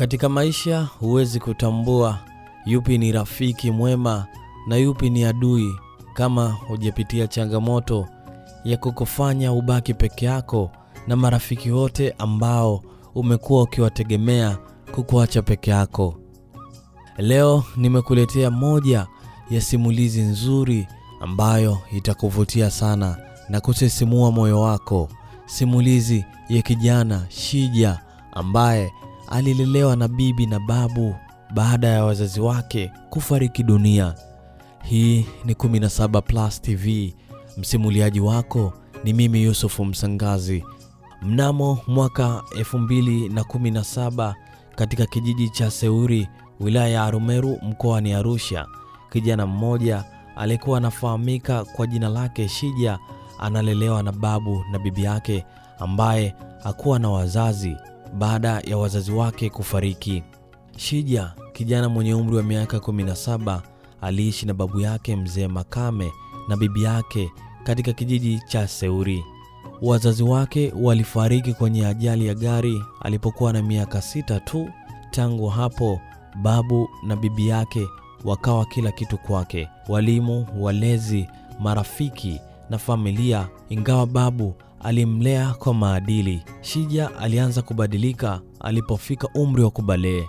Katika maisha huwezi kutambua yupi ni rafiki mwema na yupi ni adui kama hujapitia changamoto ya kukufanya ubaki peke yako na marafiki wote ambao umekuwa ukiwategemea kukuacha peke yako. Leo nimekuletea moja ya simulizi nzuri ambayo itakuvutia sana na kusisimua moyo wako, simulizi ya kijana Shija ambaye alilelewa na bibi na babu baada ya wazazi wake kufariki dunia. Hii ni 17 Plus TV, msimuliaji wako ni mimi Yusufu Msangazi. Mnamo mwaka 2017 katika kijiji cha Seuri, wilaya ya Arumeru, mkoani Arusha, kijana mmoja aliyekuwa anafahamika kwa jina lake Shija analelewa na babu na bibi yake ambaye hakuwa na wazazi baada ya wazazi wake kufariki. Shija, kijana mwenye umri wa miaka 17, aliishi na babu yake mzee Makame na bibi yake katika kijiji cha Seuri. Wazazi wake walifariki kwenye ajali ya gari alipokuwa na miaka sita tu. Tangu hapo, babu na bibi yake wakawa kila kitu kwake: walimu, walezi, marafiki na familia. Ingawa babu alimlea kwa maadili. Shija alianza kubadilika alipofika umri wa kubalee.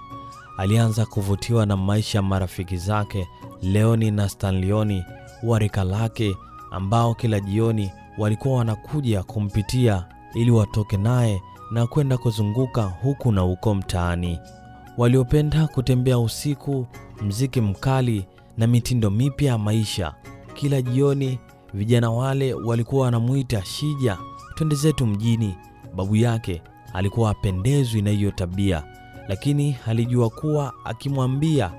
Alianza kuvutiwa na maisha ya marafiki zake Leoni na Stanlioni wa rika lake ambao kila jioni walikuwa wanakuja kumpitia ili watoke naye na kwenda kuzunguka huku na huko mtaani. Waliopenda kutembea usiku, mziki mkali na mitindo mipya ya maisha. Kila jioni vijana wale walikuwa wanamuita Shija twende zetu mjini. Babu yake alikuwa apendezwi na hiyo tabia, lakini alijua kuwa akimwambia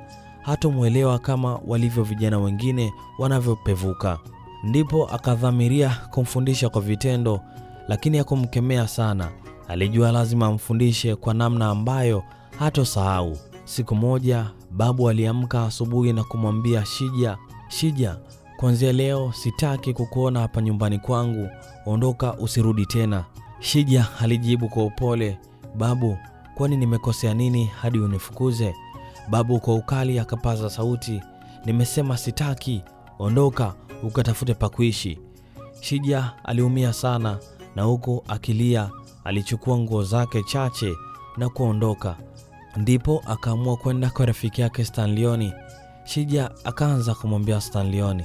hatomwelewa kama walivyo vijana wengine wanavyopevuka. Ndipo akadhamiria kumfundisha kwa vitendo, lakini hakumkemea sana. Alijua lazima amfundishe kwa namna ambayo hatosahau. Siku moja babu aliamka asubuhi na kumwambia Shija, Shija, kuanzia leo sitaki kukuona hapa nyumbani kwangu, ondoka, usirudi tena. Shija alijibu kwa upole, babu, kwani nimekosea nini hadi unifukuze? Babu kwa ukali akapaza sauti, nimesema sitaki, ondoka ukatafute pa kuishi. Shija aliumia sana, na huku akilia alichukua nguo zake chache na kuondoka. Ndipo akaamua kwenda kwa rafiki yake Stanlioni. Shija akaanza kumwambia Stanlioni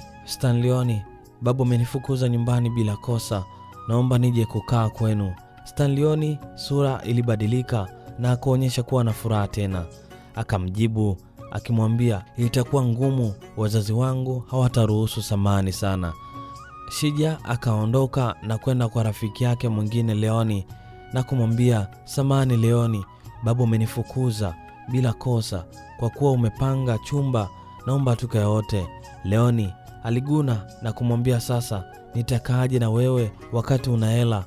leoni babu amenifukuza nyumbani bila kosa, naomba nije kukaa kwenu. leoni sura ilibadilika na akaonyesha kuwa na furaha tena. Akamjibu akimwambia, itakuwa ngumu, wazazi wangu hawataruhusu, samani sana. Shija akaondoka na kwenda kwa rafiki yake mwingine Leoni na kumwambia, samani Leoni, babu amenifukuza bila kosa, kwa kuwa umepanga chumba, naomba tukae wote. Leoni Aliguna na kumwambia, sasa nitakaaje na wewe wakati una hela?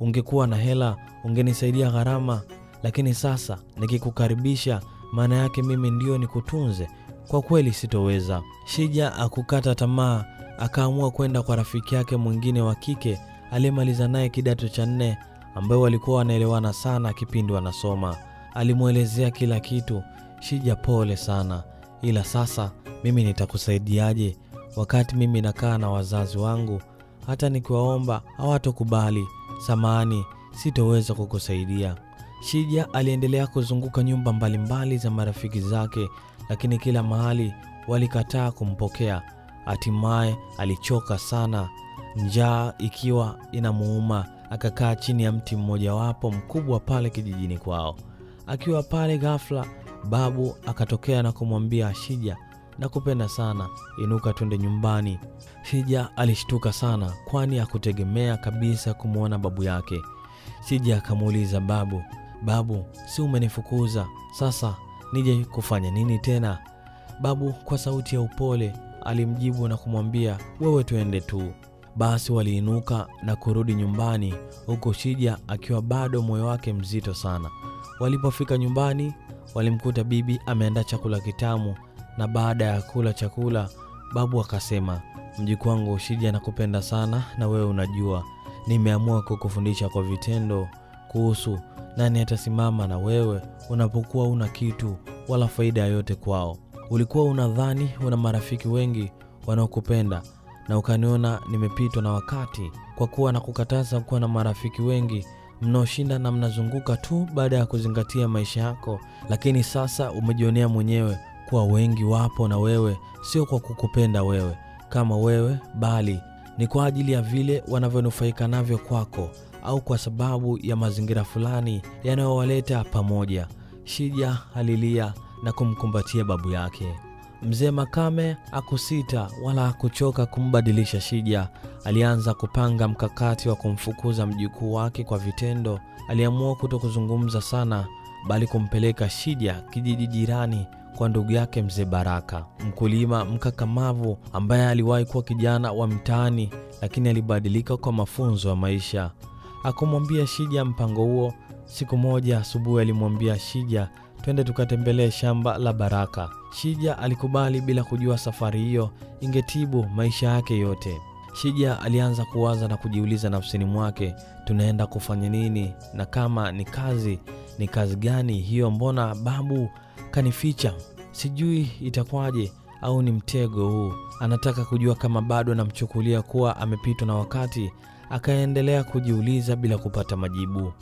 Ungekuwa na hela ungenisaidia gharama, lakini sasa nikikukaribisha, maana yake mimi ndio nikutunze. Kwa kweli sitoweza. Shija akukata tamaa, akaamua kwenda kwa rafiki yake mwingine wa kike aliyemaliza naye kidato cha nne, ambaye walikuwa wanaelewana sana kipindi wanasoma. Alimwelezea kila kitu. Shija, pole sana, ila sasa mimi nitakusaidiaje? Wakati mimi nakaa na wazazi wangu, hata nikiwaomba hawatokubali. samani sitoweza kukusaidia. Shija aliendelea kuzunguka nyumba mbalimbali za marafiki zake, lakini kila mahali walikataa kumpokea. Hatimaye alichoka sana, njaa ikiwa inamuuma, akakaa chini ya mti mmojawapo mkubwa pale kijijini kwao. Akiwa pale ghafla, babu akatokea na kumwambia Shija nakupenda sana, inuka twende nyumbani. Shija alishtuka sana, kwani hakutegemea kabisa kumwona babu yake. Shija akamuuliza babu, babu, si umenifukuza sasa nije kufanya nini tena? Babu kwa sauti ya upole alimjibu na kumwambia wewe twende tu. Basi waliinuka na kurudi nyumbani, huku Shija akiwa bado moyo wake mzito sana. Walipofika nyumbani, walimkuta bibi ameandaa chakula kitamu na baada ya kula chakula, babu akasema, mjuku wangu na anakupenda sana, na wewe unajua, nimeamua kukufundisha kwa vitendo kuhusu nani atasimama na wewe unapokuwa una kitu wala faida yoyote kwao. Ulikuwa unadhani una marafiki wengi wanaokupenda na ukaniona nimepitwa na wakati kwa kuwa nakukataza kuwa na marafiki wengi mnaoshinda na mnazunguka tu baada ya kuzingatia maisha yako, lakini sasa umejionea mwenyewe kuwa wengi wapo na wewe, sio kwa kukupenda wewe kama wewe, bali ni kwa ajili ya vile wanavyonufaika navyo kwako, au kwa sababu ya mazingira fulani yanayowaleta pamoja. Shija alilia na kumkumbatia babu yake. Mzee Makame akusita wala akuchoka kumbadilisha Shija. Alianza kupanga mkakati wa kumfukuza mjukuu wake kwa vitendo. Aliamua kuto kuzungumza sana, bali kumpeleka Shija kijiji jirani kwa ndugu yake mzee Baraka, mkulima mkakamavu ambaye aliwahi kuwa kijana wa mtaani, lakini alibadilika kwa mafunzo ya maisha. Akamwambia Shija mpango huo. Siku moja asubuhi alimwambia Shija, twende tukatembelee shamba la Baraka. Shija alikubali bila kujua safari hiyo ingetibu maisha yake yote. Shija alianza kuwaza na kujiuliza nafsini mwake, tunaenda kufanya nini? Na kama ni kazi, ni kazi gani hiyo? Mbona babu akanificha. Sijui itakuwaje, au ni mtego huu? Anataka kujua kama bado anamchukulia kuwa amepitwa na wakati. Akaendelea kujiuliza bila kupata majibu.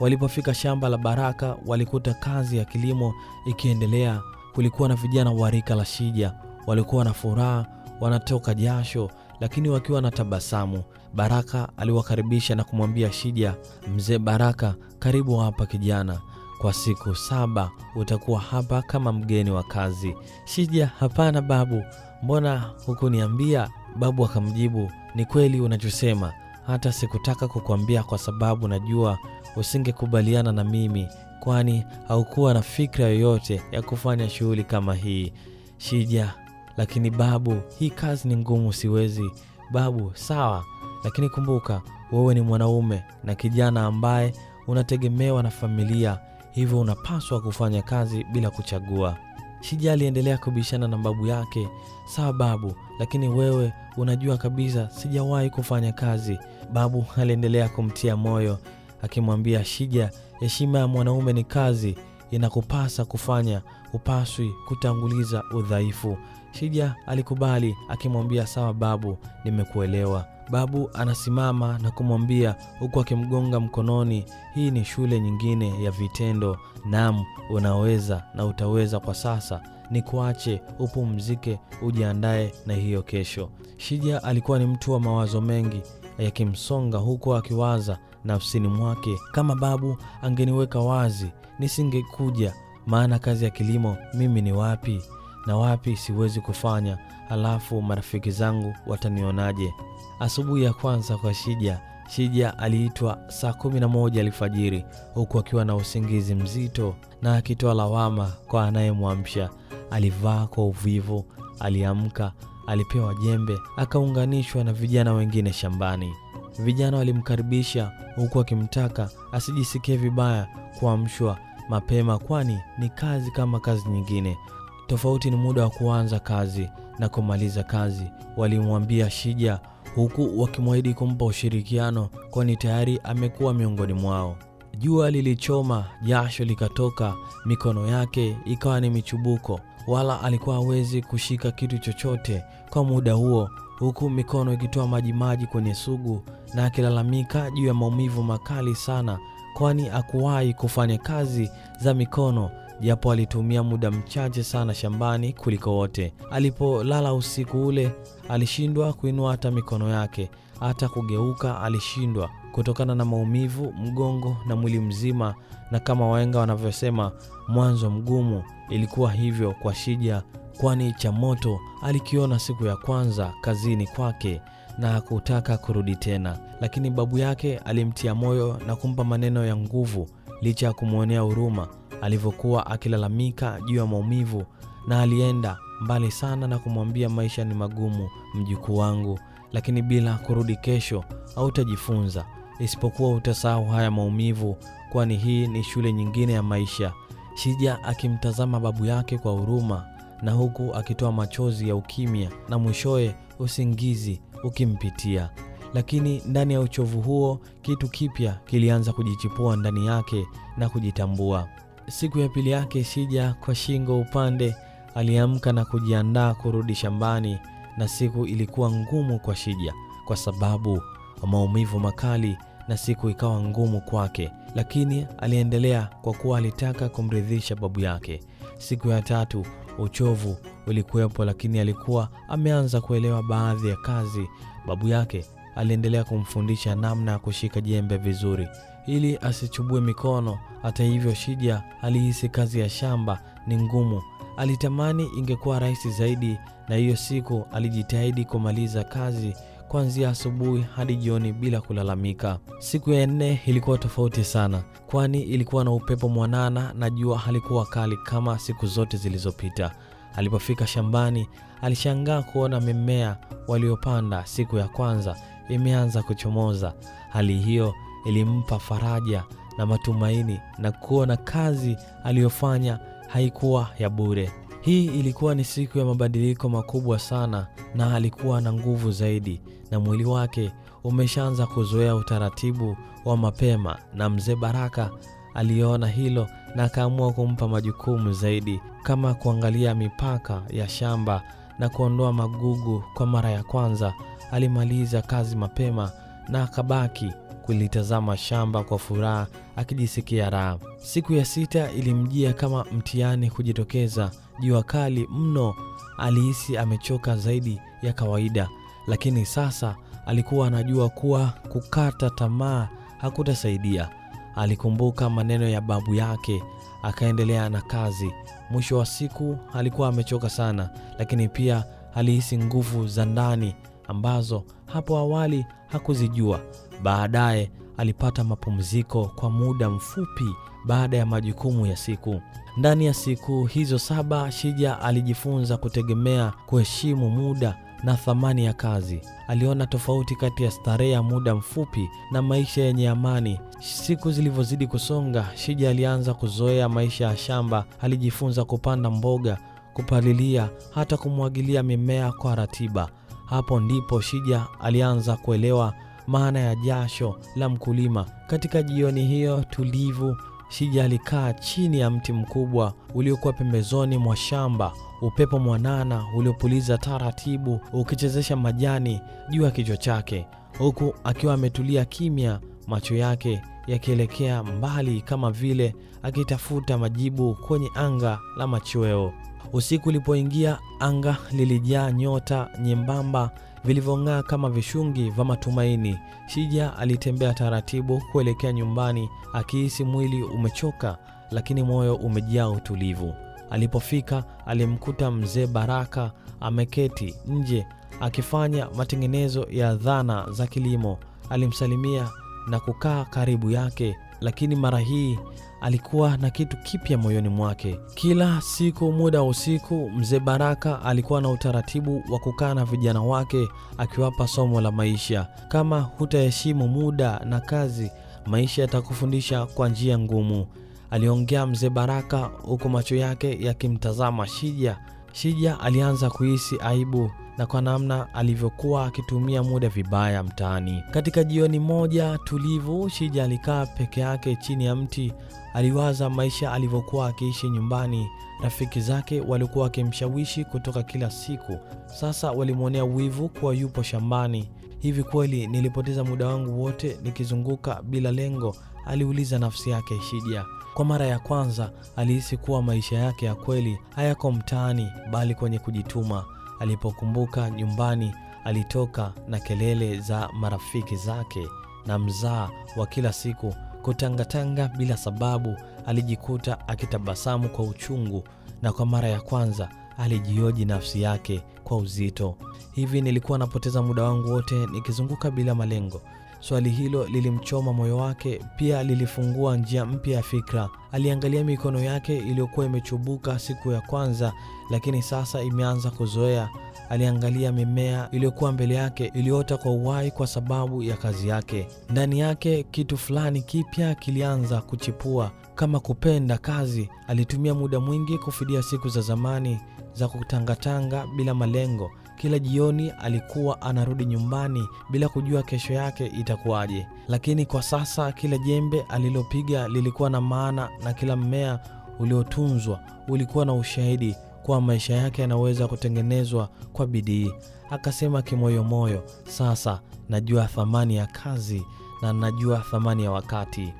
Walipofika shamba la Baraka, walikuta kazi ya kilimo ikiendelea. Kulikuwa na vijana wa rika la Shija, walikuwa na furaha, wanatoka jasho lakini wakiwa na tabasamu. Baraka aliwakaribisha na kumwambia Shija, mzee Baraka, karibu hapa kijana. Kwa siku saba utakuwa hapa kama mgeni wa kazi. Shija, hapana babu, mbona hukuniambia? Babu akamjibu, ni kweli unachosema, hata sikutaka kukuambia kwa sababu najua usingekubaliana na mimi, kwani haukuwa na fikra yoyote ya kufanya shughuli kama hii. Shija, lakini babu, hii kazi ni ngumu, siwezi. Babu, sawa, lakini kumbuka wewe ni mwanaume na kijana ambaye unategemewa na familia hivyo unapaswa kufanya kazi bila kuchagua. Shija aliendelea kubishana na babu yake, sawa babu, lakini wewe unajua kabisa sijawahi kufanya kazi. Babu aliendelea kumtia moyo akimwambia Shija, heshima ya mwanaume ni kazi, inakupasa kufanya, upaswi kutanguliza udhaifu. Shija alikubali akimwambia sawa babu, nimekuelewa. Babu anasimama na kumwambia huku akimgonga mkononi. Hii ni shule nyingine ya vitendo. Naam, unaweza na utaweza. Kwa sasa ni kuache upumzike, ujiandae na hiyo kesho. Shija alikuwa ni mtu wa mawazo mengi yakimsonga huku akiwaza nafsini mwake, kama babu angeniweka wazi nisingekuja, maana kazi ya kilimo mimi ni wapi na wapi siwezi kufanya, halafu marafiki zangu watanionaje? Asubuhi ya kwanza kwa Shija, Shija aliitwa saa kumi na moja alfajiri huku akiwa na usingizi mzito na akitoa lawama kwa anayemwamsha. Alivaa kwa uvivu, aliamka, alipewa jembe, akaunganishwa na vijana wengine shambani. Vijana walimkaribisha huku akimtaka asijisikie vibaya kuamshwa mapema, kwani ni kazi kama kazi nyingine. Tofauti ni muda wa kuanza kazi na kumaliza kazi. Walimwambia Shija huku wakimwahidi kumpa ushirikiano, kwani tayari amekuwa miongoni mwao. Jua lilichoma, jasho likatoka, mikono yake ikawa ni michubuko, wala alikuwa hawezi kushika kitu chochote kwa muda huo, huku mikono ikitoa majimaji kwenye sugu na akilalamika juu ya maumivu makali sana, kwani hakuwahi kufanya kazi za mikono japo alitumia muda mchache sana shambani kuliko wote. Alipolala usiku ule, alishindwa kuinua hata mikono yake, hata kugeuka alishindwa kutokana na maumivu, mgongo na mwili mzima. Na kama wahenga wanavyosema, mwanzo mgumu. Ilikuwa hivyo kwa Shija, kwani cha moto alikiona siku ya kwanza kazini kwake na hakutaka kurudi tena, lakini babu yake alimtia moyo na kumpa maneno ya nguvu licha ya kumwonea huruma alivyokuwa akilalamika juu ya maumivu, na alienda mbali sana na kumwambia, maisha ni magumu mjukuu wangu, lakini bila kurudi kesho hautajifunza isipokuwa utasahau haya maumivu, kwani hii ni shule nyingine ya maisha. Shija akimtazama babu yake kwa huruma na huku akitoa machozi ya ukimya na mwishowe usingizi ukimpitia. Lakini ndani ya uchovu huo kitu kipya kilianza kujichipua ndani yake na kujitambua. Siku ya pili yake Shija kwa shingo upande aliamka na kujiandaa kurudi shambani, na siku ilikuwa ngumu kwa Shija kwa sababu maumivu makali, na siku ikawa ngumu kwake, lakini aliendelea kwa kuwa alitaka kumridhisha babu yake. Siku ya tatu uchovu ulikuwepo, lakini alikuwa ameanza kuelewa baadhi ya kazi babu yake aliendelea kumfundisha namna ya kushika jembe vizuri ili asichubue mikono. Hata hivyo, Shija alihisi kazi ya shamba ni ngumu. Alitamani ingekuwa rahisi zaidi, na hiyo siku alijitahidi kumaliza kazi kuanzia asubuhi hadi jioni bila kulalamika. Siku ya nne ilikuwa tofauti sana, kwani ilikuwa na upepo mwanana na jua halikuwa kali kama siku zote zilizopita. Alipofika shambani, alishangaa kuona mimea waliopanda siku ya kwanza imeanza kuchomoza. Hali hiyo ilimpa faraja na matumaini na kuona kazi aliyofanya haikuwa ya bure. Hii ilikuwa ni siku ya mabadiliko makubwa sana, na alikuwa na nguvu zaidi, na mwili wake umeshaanza kuzoea utaratibu wa mapema, na mzee Baraka aliona hilo na akaamua kumpa majukumu zaidi kama kuangalia mipaka ya shamba na kuondoa magugu kwa mara ya kwanza alimaliza kazi mapema na akabaki kulitazama shamba kwa furaha akijisikia raha. Siku ya sita ilimjia kama mtihani kujitokeza. Jua kali mno, alihisi amechoka zaidi ya kawaida, lakini sasa alikuwa anajua kuwa kukata tamaa hakutasaidia. Alikumbuka maneno ya babu yake, akaendelea na kazi. Mwisho wa siku alikuwa amechoka sana, lakini pia alihisi nguvu za ndani ambazo hapo awali hakuzijua. Baadaye alipata mapumziko kwa muda mfupi baada ya majukumu ya siku. Ndani ya siku hizo saba, Shija alijifunza kutegemea, kuheshimu muda na thamani ya kazi. Aliona tofauti kati ya starehe ya muda mfupi na maisha yenye amani. Siku zilivyozidi kusonga, Shija alianza kuzoea maisha ya shamba. Alijifunza kupanda mboga, kupalilia, hata kumwagilia mimea kwa ratiba. Hapo ndipo Shija alianza kuelewa maana ya jasho la mkulima. Katika jioni hiyo tulivu, Shija alikaa chini ya mti mkubwa uliokuwa pembezoni mwa shamba, upepo mwanana uliopuliza taratibu ukichezesha majani juu ya kichwa chake, huku akiwa ametulia kimya, macho yake yakielekea mbali kama vile akitafuta majibu kwenye anga la machweo. Usiku ulipoingia, anga lilijaa nyota nyembamba vilivyong'aa kama vishungi vya matumaini. Shija alitembea taratibu kuelekea nyumbani, akihisi mwili umechoka, lakini moyo umejaa utulivu. Alipofika alimkuta mzee Baraka ameketi nje akifanya matengenezo ya dhana za kilimo. Alimsalimia na kukaa karibu yake, lakini mara hii alikuwa na kitu kipya moyoni mwake. Kila siku muda wa usiku, mzee Baraka alikuwa na utaratibu wa kukaa na vijana wake, akiwapa somo la maisha. Kama hutaheshimu muda na kazi, maisha yatakufundisha kwa njia ngumu, aliongea mzee Baraka, huku macho yake yakimtazama Shija Shija alianza kuhisi aibu na kwa namna alivyokuwa akitumia muda vibaya mtaani. Katika jioni moja tulivu, Shija alikaa peke yake chini ya mti. Aliwaza maisha alivyokuwa akiishi nyumbani. Rafiki zake walikuwa wakimshawishi kutoka kila siku, sasa walimwonea wivu kuwa yupo shambani. Hivi kweli nilipoteza muda wangu wote nikizunguka bila lengo? Aliuliza nafsi yake Shija. Kwa mara ya kwanza alihisi kuwa maisha yake ya kweli hayako mtaani, bali kwenye kujituma. Alipokumbuka nyumbani alitoka na kelele za marafiki zake na mzaa wa kila siku, kutangatanga bila sababu, alijikuta akitabasamu kwa uchungu, na kwa mara ya kwanza alijioji nafsi yake kwa uzito. Hivi nilikuwa napoteza muda wangu wote nikizunguka bila malengo, Swali hilo lilimchoma moyo wake, pia lilifungua njia mpya ya fikra. Aliangalia mikono yake iliyokuwa imechubuka siku ya kwanza, lakini sasa imeanza kuzoea. Aliangalia mimea iliyokuwa mbele yake iliyoota kwa uhai kwa sababu ya kazi yake. Ndani yake kitu fulani kipya kilianza kuchipua, kama kupenda kazi. Alitumia muda mwingi kufidia siku za zamani za kutangatanga bila malengo. Kila jioni alikuwa anarudi nyumbani bila kujua kesho yake itakuwaje, lakini kwa sasa kila jembe alilopiga lilikuwa na maana na kila mmea uliotunzwa ulikuwa na ushahidi kuwa maisha yake yanaweza kutengenezwa kwa bidii. Akasema kimoyomoyo, sasa najua thamani ya kazi na najua thamani ya wakati.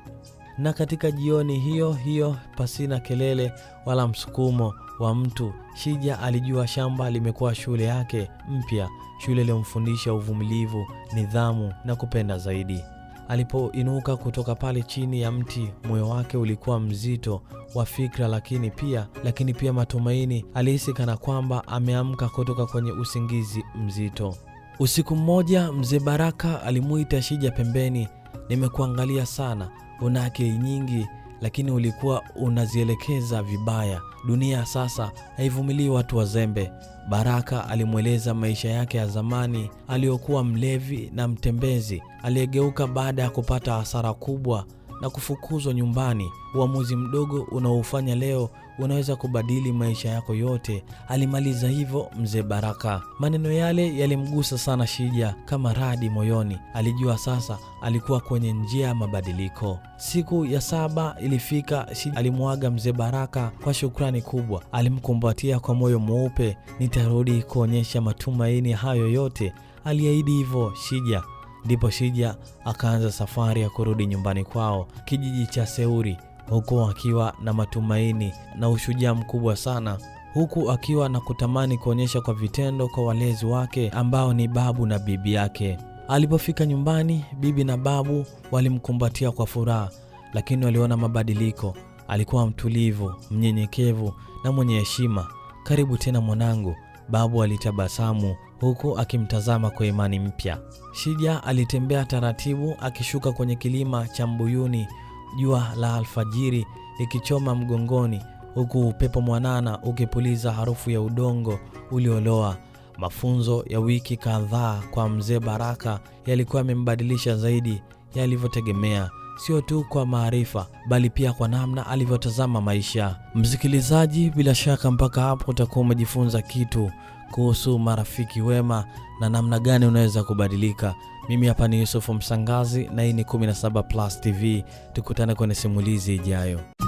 Na katika jioni hiyo hiyo, pasina kelele wala msukumo wa mtu. Shija alijua shamba limekuwa shule yake mpya, shule iliyomfundisha uvumilivu, nidhamu na kupenda zaidi. Alipoinuka kutoka pale chini ya mti, moyo wake ulikuwa mzito wa fikra, lakini pia lakini pia matumaini. Alihisi kana kwamba ameamka kutoka kwenye usingizi mzito. Usiku mmoja, mzee Baraka alimuita Shija pembeni. Nimekuangalia sana, una akili nyingi lakini ulikuwa unazielekeza vibaya. Dunia sasa haivumilii watu wazembe. Baraka alimweleza maisha yake ya zamani aliyokuwa mlevi na mtembezi aliyegeuka baada ya kupata hasara kubwa na kufukuzwa nyumbani. Uamuzi mdogo unaoufanya leo unaweza kubadili maisha yako yote, alimaliza hivyo mzee Baraka. Maneno yale yalimgusa sana Shija kama radi moyoni. Alijua sasa alikuwa kwenye njia ya mabadiliko. Siku ya saba ilifika. Shija alimwaga mzee Baraka kwa shukrani kubwa, alimkumbatia kwa moyo mweupe. Nitarudi kuonyesha matumaini hayo yote, aliahidi hivyo Shija. Ndipo Shija akaanza safari ya kurudi nyumbani kwao kijiji cha Seuri huku akiwa na matumaini na ushujaa mkubwa sana huku akiwa na kutamani kuonyesha kwa vitendo kwa walezi wake ambao ni babu na bibi yake. Alipofika nyumbani, bibi na babu walimkumbatia kwa furaha, lakini waliona mabadiliko. Alikuwa mtulivu, mnyenyekevu na mwenye heshima. Karibu tena mwanangu, babu alitabasamu huku akimtazama kwa imani mpya. Shija alitembea taratibu akishuka kwenye kilima cha Mbuyuni jua la alfajiri likichoma mgongoni, huku upepo mwanana ukipuliza harufu ya udongo ulioloa. Mafunzo ya wiki kadhaa kwa mzee Baraka yalikuwa yamembadilisha zaidi yalivyotegemea, sio tu kwa maarifa, bali pia kwa namna alivyotazama maisha. Msikilizaji, bila shaka mpaka hapo utakuwa umejifunza kitu kuhusu marafiki wema na namna gani unaweza kubadilika. Mimi hapa ni Yusufu Msangazi na hii ni 17 Plus TV. Tukutane kwenye simulizi ijayo.